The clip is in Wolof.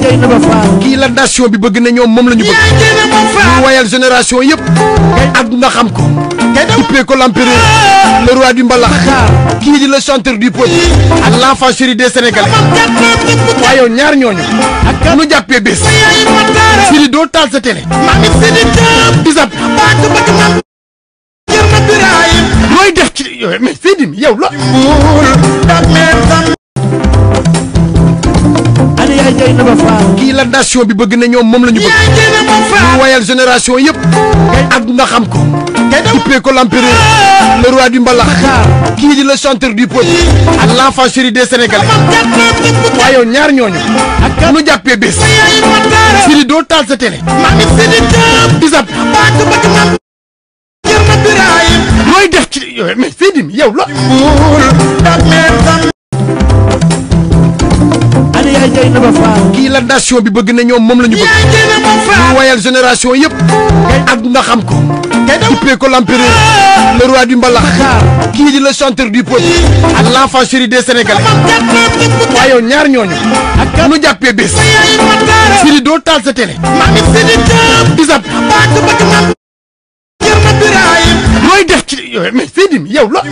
yaay kii la nation bi bëgg na ñoom moom lañu ñu bëgg ñu wayal génération yëpp àdduna xam ko duppee ko l'empereur le roi du mbalax kii di le chanteur du peuple ak l'enfant chéri des sénégalais waaye yow ñaar ñooñu nu jàppee bés siri doo taal sa télé looy def ci mais Sidi yow lo kii la nation bi bëgg na ñoom moom la ñu bëgg ñu wayal génération yëpp àdduna xam ko duppee ko l'empereur le roi du mbalax kii di le chanteur du peuple ak l'enfant chéri des ñaar ñooñu nu jàppee bés siri doo taal sa télé disab looy def ci mais Sidy yow la yaay jëy na ba faal kii la nation bi bëgg na ñoom moom la ñu bëgg yaay jëy na ba faal ñu yëpp àdduna xam ko duppee ko l'empereur le roi du mbalax kii di le chanteur du peuple ak l'enfant chéri des sénégalais waaye yow ñaar ñooñu nu jàppee bés Sidi doo taal sa télé di sab looy def ci mais Sidi yow la